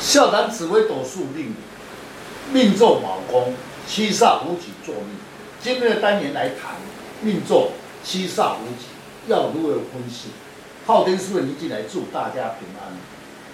笑談紫微奪令你命坐卯宮，七殺武曲坐命。今天的單元來談命坐七殺武曲要有如何分析？昊天書院林進來祝大家平安。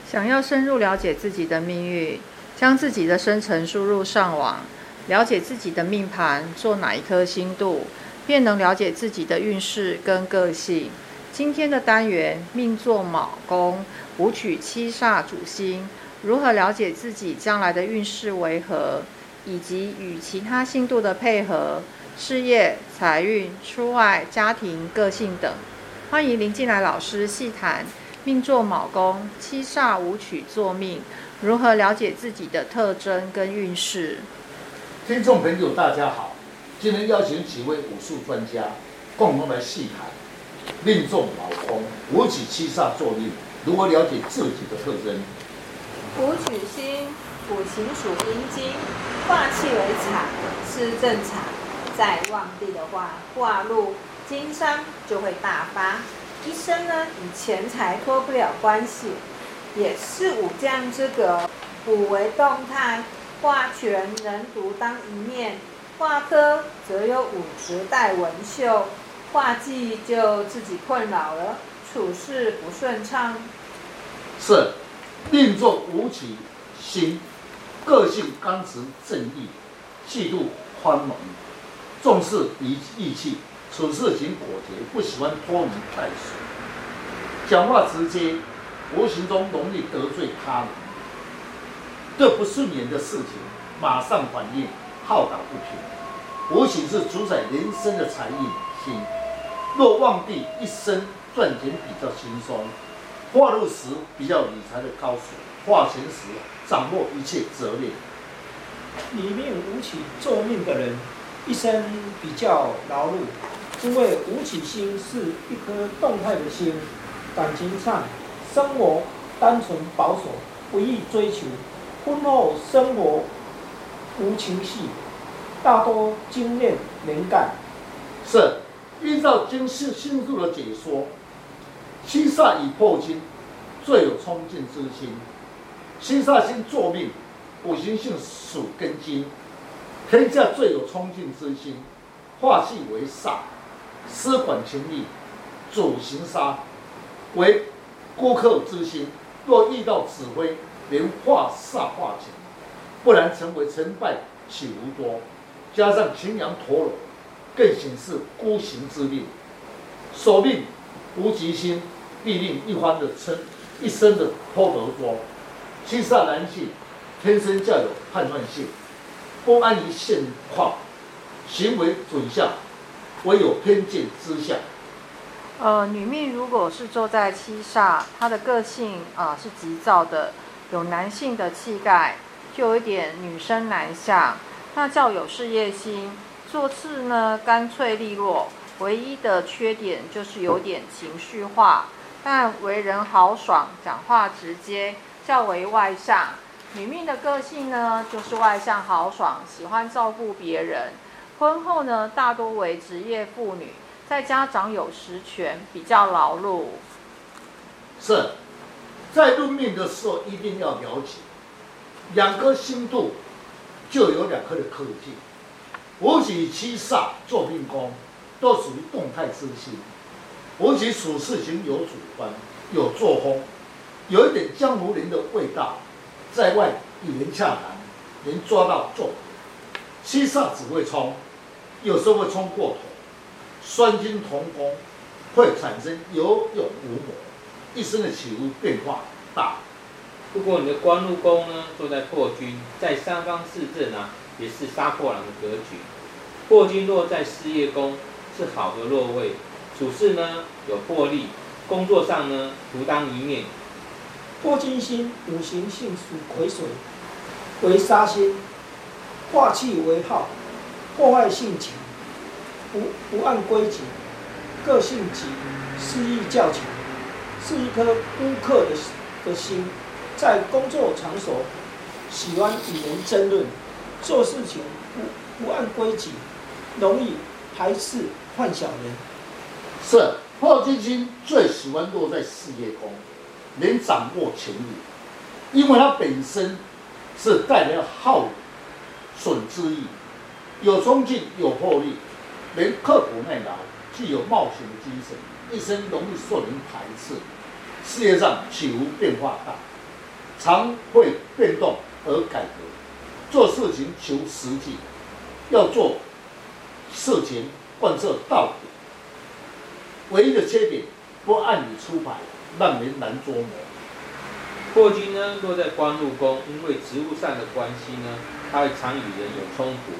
想要深入了解自己的命運，將自己的生辰輸入上網，了解自己的命盤，做哪一顆星度，便能了解自己的運勢跟個性。今天的單元命坐卯宮，武曲七煞主星。如何了解自己將來的運勢為何，以及與其他星度的配合、事業、財運、出外、家庭、個性等？歡迎林進來老師細談命坐卯宮七煞武曲坐命，如何了解自己的特徵跟運勢？聽眾朋友，大家好，今天邀請幾位武術專家共同來細談命坐卯宮武曲七煞坐命，如何了解自己的特徵？武曲星，武曲屬陰金，化氣為財，是正財。在旺地的話，化祿經商就會大發。一生呢，與錢財脫不了關係，也是武將之格。武為動態，化權人獨當一面；化科則有武職帶文秀，化忌就自己困擾了，處事不順暢。是。命坐武曲，星個性剛直正義，氣度寬容，重視義義氣，處事情果決，不喜歡拖泥帶水，講話直接，無形中容易得罪他人。對不順眼的事情，馬上反應，好打不平。武曲是主宰人生的財運星，若旺地，一生賺錢比較輕鬆。化祿時比較理財的高手，化權時掌握一切責任，裡面武曲坐命的人，一生比較勞碌，因為武曲星是一顆動態的星，感情上生活單純保守，不易追求。婚後生活無情緒，大多精煉能幹。是，依照經世星宿的解說。七煞以破金，最有衝勁之心。七煞星坐命，五行性屬庚金，天下最有衝勁之心，化氣為煞，私本情義，主行殺，為孤客之心。若遇到指揮，能化煞化情，不然成為成敗豈無多？加上擎羊陀羅，更顯示孤行之命，守命無吉星。必令一方的稱，一生的頗得光。七煞男性天生較有叛逆性，不安於現況，行為準下，唯有偏見之下。呃，女命如果是坐在七煞，她的個性啊、呃、是急躁的，有男性的氣概，就有一點女生男相。那較有事業心，做事呢乾脆利落。唯一的缺點就是有點情緒化。嗯但為人豪爽，講話直接，較為外向。女命的個性呢，就是外向、豪爽，喜歡照顧別人。婚後呢，大多為職業婦女，在家掌有實權，比較勞碌。是，在論命的時候一定要了解，兩顆星度就有兩顆的口徑。武曲七殺坐命宮都屬於動態之星。我局處事情有主觀，有作風，有一點江湖人的味道，在外一人洽談，能抓到做。七煞只會衝，有時候會衝過頭，雙金同工會產生有勇無謀，一生的起伏變化很大。不過你的官祿宮呢，坐在破軍，在三方四正啊，也是殺破狼的格局。破軍落在事業宮是好的落位。處事呢，有魄力，工作上呢獨當一面。破軍星五行性屬癸水，為殺星，化氣為耗，破壞性強，不不按規矩，個性急，私欲較強，是一顆孤克的的心，在工作場所喜歡與人爭論，做事情不不按規矩，容易排斥壞小人。是好奇心最喜歡落在事業宮，能掌握情理，因為它本身是帶來耗損之意，有衝勁、有魄力，能刻苦耐勞，具有冒險的精神，一生容易受人排斥。事業上起伏變化大，常會變動而改革。做事情求實際，要做事情貫徹到底。唯一的缺點，不按理出牌，讓人難捉摸。破軍呢，落在官祿宮，因為職務上的關係呢，他會常與人有衝突。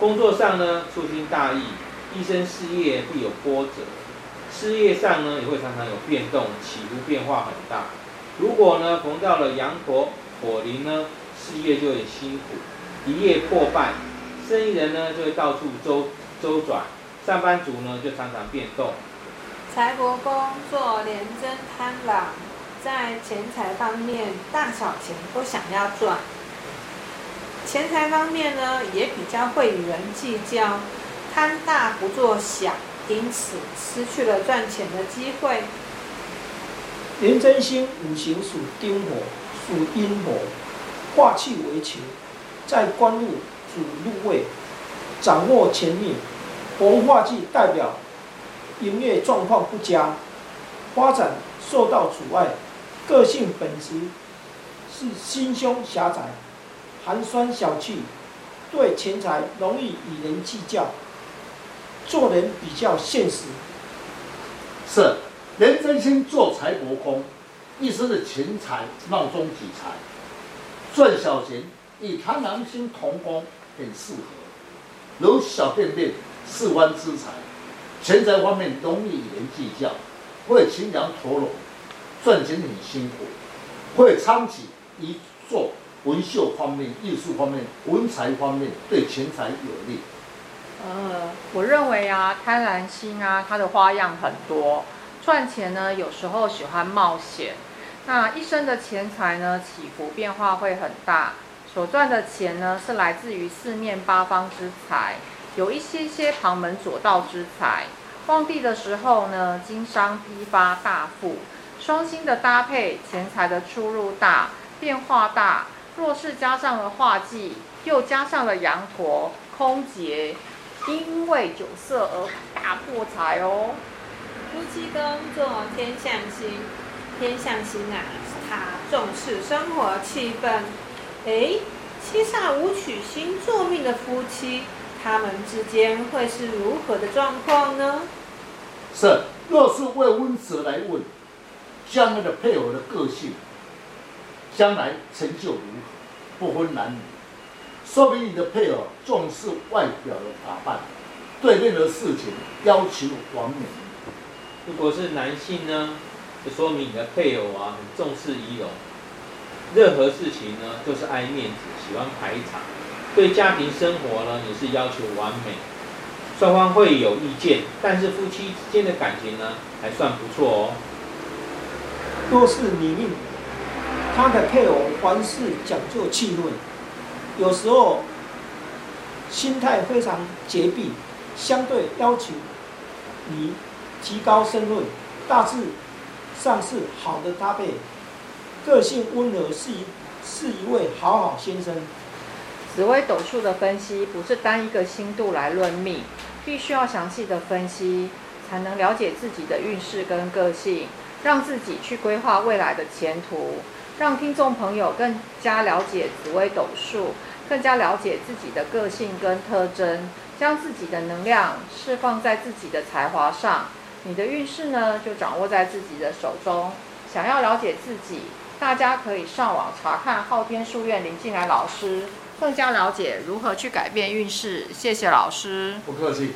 工作上呢，粗心大意，一生事業必有波折。事業上呢，也會常常有變動，起伏變化很大。如果呢逢到了羊陀、火鈴呢，事業就會辛苦，一夜破敗。生意人呢就會到處周周轉，上班族呢就常常變動。財帛宮坐，廉貞貪狼，在錢財方面，大小錢都想要賺。錢財方面呢，也比較會與人計較，貪大不做小，因此失去了賺錢的機會。廉貞星五行屬丁火，屬陰火，化氣為情，在官祿屬祿位，掌握前面。紅化氣代表。營業狀況不佳，發展受到阻礙，個性本質是心胸狹窄、寒酸小氣，對錢財容易與人計較，做人比較現實。是，廉貞星坐財帛宮，一生的錢財鬧中取財，賺小錢與貪狼星同宮很適合，如小店店、四方之財。錢財方面容易與人計較，會擎羊陀羅，賺錢很辛苦，會昌起一座文秀方面，藝術方面、文才方面對錢財有利。呃，我認為啊，貪狼星啊，它的花樣很多，賺錢呢有時候喜歡冒險，那一生的錢財呢起伏變化會很大，所賺的錢呢是來自於四面八方之財。有一些些旁門左道之財，旺地的時候呢，經商批發大富。雙星的搭配，錢財的出入大，變化大。若是加上了化忌，又加上了羊陀、空劫，因為酒色而大破財哦。夫妻宮坐，天相星，天相星啊，他重視生活氣氛。哎、欸，七殺武曲星坐命的夫妻。他們之間會是如何的狀況呢？是，若是未婚時來問，將來的配偶的個性，將來成就如何，不分男女，說明你的配偶重視外表的打扮，對任何事情要求完美。如果是男性呢，就說明你的配偶啊，很重視儀容，任何事情呢，就是愛面子，喜歡排場。對家庭生活呢也是要求完美，雙方會有意見，但是夫妻之間的感情呢還算不錯哦、喔。都是女命，他的配偶凡事講究氣度，有時候心態非常潔癖，相對要求你提高身份，大致上是好的搭配。個性溫和，是一是一位好好先生。紫微斗數的分析不是單一個星度來論命，必須要詳細的分析，才能了解自己的運勢跟個性，讓自己去規劃未來的前途，讓聽眾朋友更加了解紫微斗數，更加了解自己的個性跟特徵，將自己的能量釋放在自己的才華上，你的運勢呢，就掌握在自己的手中。想要了解自己，大家可以上網查看昊天書院林進來老師。更加了解如何去改變運勢，謝謝老師。不客氣。